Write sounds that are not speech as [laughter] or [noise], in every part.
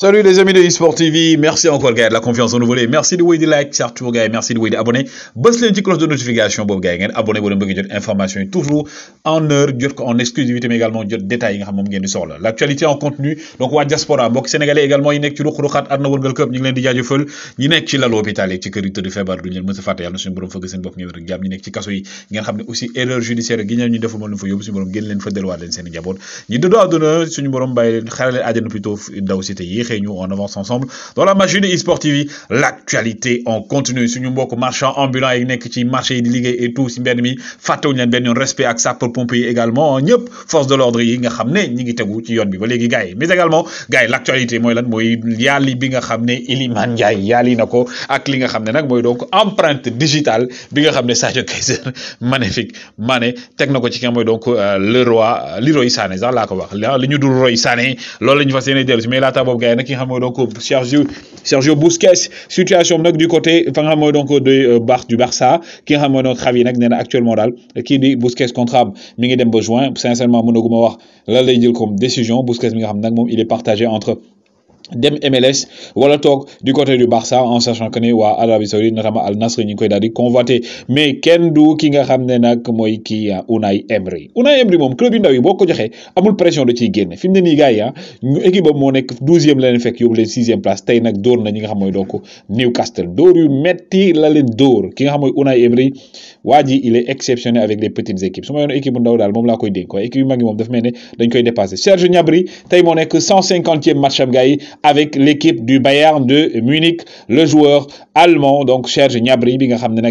Salut les amis de eSport TV, merci encore gars de la confiance en nous voler. Merci de wéy like chart bu gars merci de wéy di abonné bës leen ci cloche de notification boobu gars yi ngeen abonné boo leen bëgg jot information toujours en heure jot ko en exclusivité mais également jot détails yi nga di soxla l' en contenu donc wa diaspora mbokk sénégalais également yi nekk ci ruq-ruqaat adna wërngal këpp ñu ngi leen di jaajëfal ñi nek ci lalu hôpital ci kër yi tëdd du ñeen mën sa fàtte yàlla na suñu borom fëgg seen bop ngeen rek jàmm ñi nek ci kasso yi ngeen xamné aussi erreur judiciaire gi ñu deful moom fa yobu suñu borom génn len fa delluwaat len seen i njaboot ñi do àdduna suñu borom bàyyi leen xarale àjjana plutôt daw cité yi réunions en avance ensemble dans la machine eSport TV l'actualité en continu suñu mbokk marchand ambulant yi nekk ci marché yi di ligue et tout si mbenn mi fàttewuñu leen benn yoon respect ak ça pour yi également ñëpp force de l'ordre yi nga xam ne ñi ngi tegu ci yoon bi ba yi mais également gars l'actualité moi lan mooy yali bi nga xam ne Iliman Ndiaye yaali ak li nga xam ne nag donc empreinte digitale bi nga xamné Sadio Kaiser [laughs] magnifique Mané techno ko ci kan moy donc euh, le roi euh, roi Sané sax la ko wax liñu dul roi Sané loolu lañu ñu fas yéene mais la boobu gars na ki nga donc Sergio Sergio Busquets situation nag du côté fa nga donc de euh, Bar du Barça ki nga xam mooy donc Xavi nag nee na actuellement daal kii di Busquets contrat am mi ngi dem ba juin sincèrement mënaguma wax lan lay jël comme décision Busquets mi nga xam nag moom il est partagé entre dem MLS wala tok du côté du Barça en sachant que notamment Al Nasri, koy convoité mais Kendo, ki nga uh, Unai Emery Unai Emery club ndaw yi boko joxé pression uh, équipe sixième place na donc Newcastle yu metti la ki nga Unai Emery il est exceptionnel avec les petites équipes su ma équipe ndaw dal mom la koy équipe mom Serge Gnabry match am avec l'équipe du Bayern de Munich le joueur allemand donc Serge Gnabry Bingham nga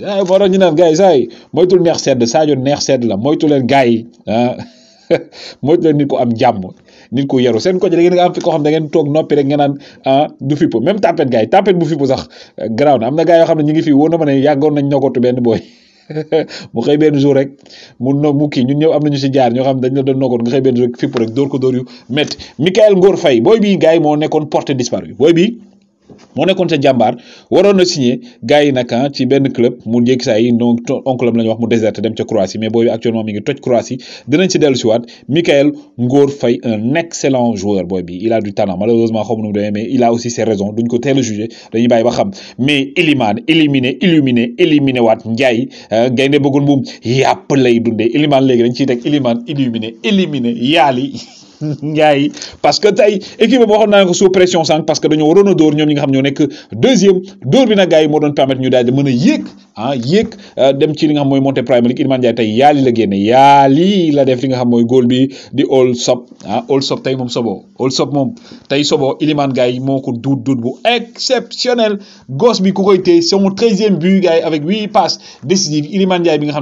Eh, waaw moo tax ñu naan gars yi saa yi neex sedd Sadio neex sedd la moytu leen gars yi ah. [laughs] nit ku am jàmm nit ku yaru seen ko da ngeen am fi ko xam da ngeen toog rek ngeen naan ah, sax eh, garaaw na am na gars yoo xam ne ñu ngi fi wóor na ma ne yàggoon nañ ñogootu benn booy. [laughs] mu xëy benn jour rek mu no mu kii ñu ñëw am nañu si jaar ñoo xam dañ la doon nokkoon nga xëy benn jour rek fipp rek dóor ko dóor yu métti Michael Ngor Faye booy bii gars yi moo nekkoon porté disparu booy bii moo nekkoon sa jàmbaar waroon na signé gars yi nag ci benn club mu jékki saa yi donc oncle am la ñu wax mu déserté dem ca Croatie mais booy actuellement mi ngi toj Croatie dinañ ci dellu si waat Michael Ngor Fay un excellent joueur boy bi il a du talent malheureusement xamu nu mu demee mais il a aussi ses raisons duñ ko teel a jugé dañuy bàyyi ba xam mais Ilimane éliminé illuminé éliminé waat Ndiaye euh, gaynde bëggul moom yàpp lay dundee Ilimane léegi dañ ciy teg Ilimane illuminé éliminé yaali [laughs] [laughs] Ndiaye parce que tey équipe boo xam naa ko sous pression sànq parce que dañoo waroon a dóor ñoom ñi nga xam ñoo nekk deuxième yi moo doon a yéeg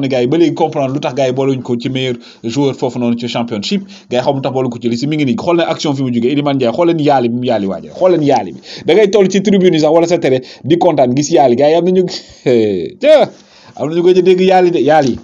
ne gars ba léegi comprendre lu tax gars yi booluñ ko ci meilleur joueur foofu noonu ci championship gars yi tax booluñ ko ci li si mi ngi nii xool na action fi mu jógee Iliman Ndiaye xool leen yaali mu yaali waajal xool leen yaali bi da ngay ci tribune sax wala sa tere di kontaan gis yaali gars yi am nañu [laughs] ca am nañu ko ca dégg yaali de yaali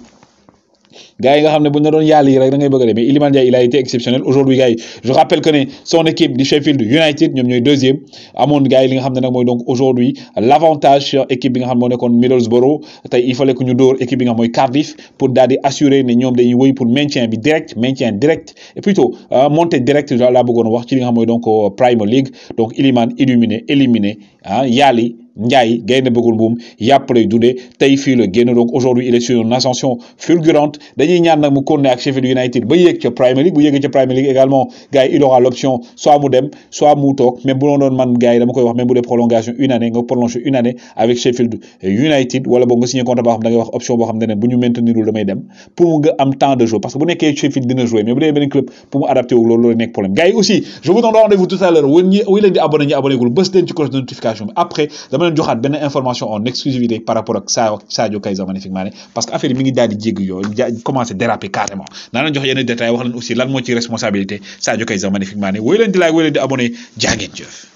gars yi nga xamne bu ñu la doon yali rek da ngay bëgg dem mais Iliman Ndiaye il a été exceptionnel aujourd'hui gars je rappelle que né son équipe du Sheffield United ñom ñoy deuxième amoon gars yi li nga xamne nak moy donc aujourd'hui l'avantage sur équipe bi nga xamne mo moo Middlesbrough tay il fallait que ñu door équipe bi nga moy Cardiff pour daal di assurer né ñom dañuy wëy pour maintien bi direct maintien direct et plutôt euh, monter directe la bëggoon wax ci li nga xamne moy donc euh, Premier League donc Iliman éliminé éliminé ah hein, yàlla Ndiaye gaynde bëggul buum yàpp lay dundee tey fii la donc aujourd'hui il est sur une ascension fulgurante dañuy ñaan nag mu continuer ak Sheffield United ba yéeg ca Premier League bu yéegee ca Premier League également gars il aura l'option soit mu dem soit mu mais bu doon man gars yi dama koy wax même bu les prolongation une année nga prolongé une année avec Sheffield United wala boog nga signé contrat boo xam da ngay wax option boo xam ne ne bu ñu maintenirul dem pour mu nga am temps de jeu parce que bu que Sheffield dina jouer mais bu dee beneen club pour mu adapter wu loolu problème gars aussi je vous donne rendez-vous tout à l'heure Où il wéy di abonné ñi abonné gul bës leen ci cloche de notification après dama leen joxaat benn information en exclusivité par rapport ak Sadio Sadio Kayza Magnifique Mané parce que affaire yi mi ngi daal di jéggi yooyu ja commencé déraper carrément naa leen jox yenn détails wax leen aussi lan moo ci responsabilité Sadio Kayza Magnifique Mané wooyu leen di laaj wooyu leen di abonné jaa ngeen jëf